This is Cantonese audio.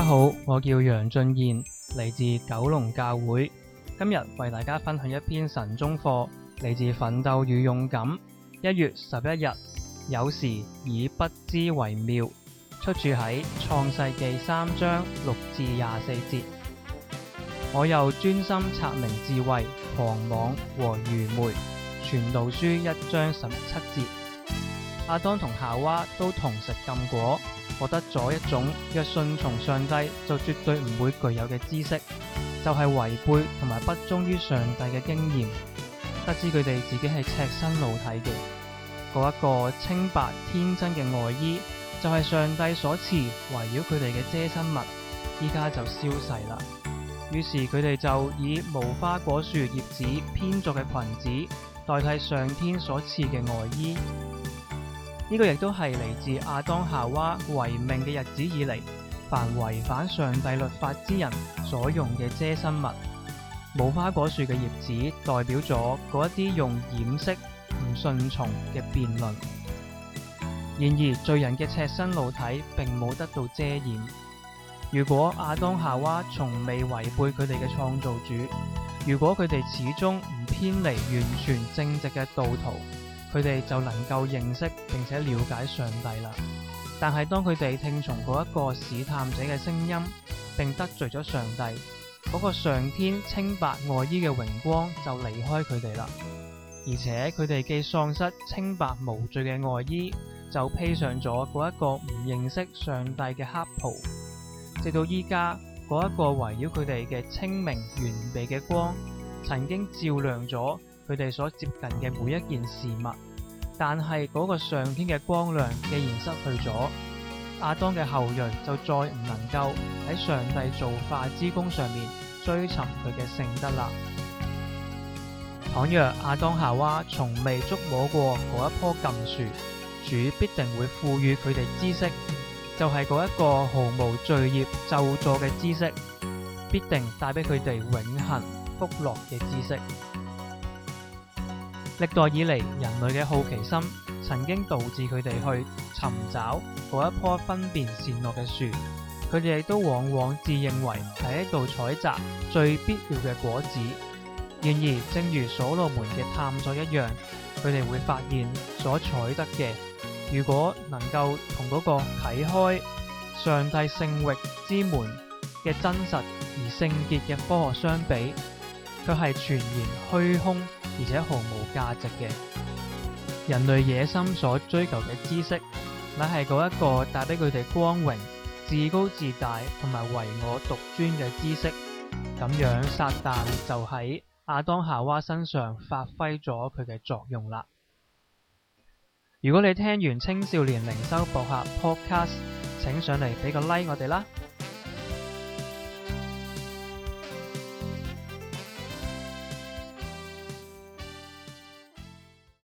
大家好，我叫楊俊彥，嚟自九龍教會。今日為大家分享一篇神中課，嚟自奮鬥與勇敢。一月十一日，有時以不知為妙。出處喺創世記三章六至廿四節。我又專心察明智慧、狂妄和愚昧。傳道書一章十七節。阿當同夏娃都同食禁果，獲得咗一種若順從上帝就絕對唔會具有嘅知識，就係、是、違背同埋不忠於上帝嘅經驗。得知佢哋自己係赤身露體嘅嗰一個清白天真嘅外衣，就係、是、上帝所賜圍繞佢哋嘅遮身物，依家就消逝啦。於是佢哋就以無花果樹葉子編作嘅裙子代替上天所賜嘅外衣。呢個亦都係嚟自亞當夏娃違命嘅日子以嚟，凡違反上帝律法之人所用嘅遮身物，無花果樹嘅葉子代表咗嗰一啲用掩飾、唔順從嘅辯論。然而罪人嘅赤身露體並冇得到遮掩。如果亞當夏娃從未違背佢哋嘅創造主，如果佢哋始終唔偏離完全正直嘅道途，佢哋就能夠認識並且了解上帝啦。但係當佢哋聽從嗰一個試探者嘅聲音，並得罪咗上帝，嗰個上天清白外衣嘅榮光就離開佢哋啦。而且佢哋既喪失清白無罪嘅外衣，就披上咗嗰一個唔認識上帝嘅黑袍。直到依家，嗰一個圍繞佢哋嘅清明完備嘅光，曾經照亮咗。佢哋所接近嘅每一件事物，但係嗰個上天嘅光亮既然失去咗，阿當嘅後裔就再唔能夠喺上帝造化之功上面追尋佢嘅聖德啦。倘若亞當夏娃從未觸摸過嗰一棵禁樹，主必定會賦予佢哋知識，就係嗰一個毫無罪孽咒詛嘅知識，必定帶俾佢哋永恆福樂嘅知識。歷代以嚟，人類嘅好奇心曾經導致佢哋去尋找嗰一棵分辨善惡嘅樹，佢哋亦都往往自認為係一度採摘最必要嘅果子。然而，正如所羅門嘅探索一樣，佢哋會發現所採得嘅，如果能夠同嗰個啟開上帝聖域之門嘅真實而聖潔嘅科學相比，都係全然虛空，而且毫無價值嘅。人類野心所追求嘅知識，乃係嗰一個帶俾佢哋光榮、自高自大同埋唯我獨尊嘅知識。咁樣，撒旦就喺亞當夏娃身上發揮咗佢嘅作用啦。如果你聽完青少年靈修博客 podcast，請上嚟畀個 like 我哋啦。